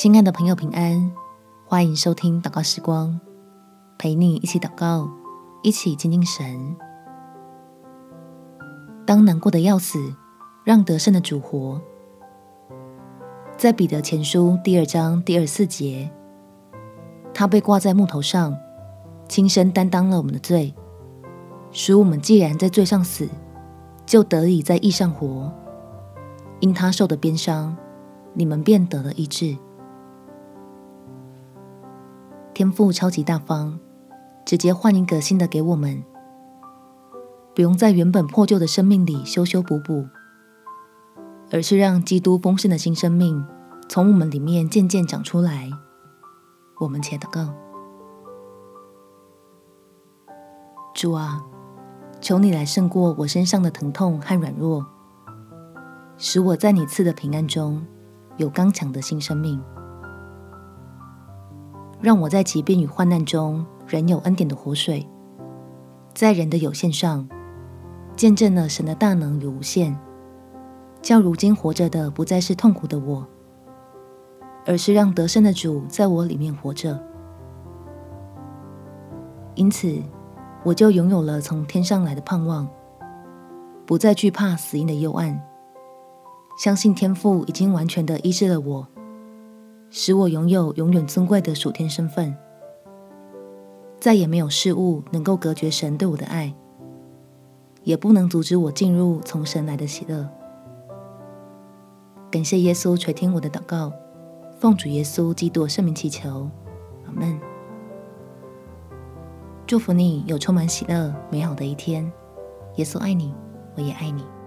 親愛的朋友，平安！歡迎收聽禱告時光，陪你一起禱告，一起親近神。當難過的要死，讓得勝的主活。在彼得前書第二章第二四節，他被掛在木頭上，親身擔當了我們的罪，使我們既然在罪上死，就得以在義上活。因他受的鞭傷，你們便得了醫治。天父超級大方，直接換一個新的給我們，不用在原本破舊的生命裡修修補補，而是讓基督豐盛的新生命從我們裡面漸漸長出來。我們且禱告：主啊，求你來勝過我身上的疼痛和軟弱，使我在你賜的平安中有剛強的新生命。讓我在疾病與患難中仍有恩典的活水，在人的有限上見證了神的大能與無限，叫如今活着的不再是痛苦的我，而是讓得勝的主在我裡面活着。因此，我就擁有了從天上來的盼望，不再懼怕死因的幽暗，相信天父已經完全的醫治了我。使我擁有永遠尊貴的屬天身份，再也沒有事物能夠隔絕神對我的愛，也不能阻止我進入從神來的喜樂。感謝耶穌垂聽我的禱告，奉主耶穌基督聖名祈求，阿門。祝福你有充滿喜樂美好的一天，耶穌愛你，我也愛你。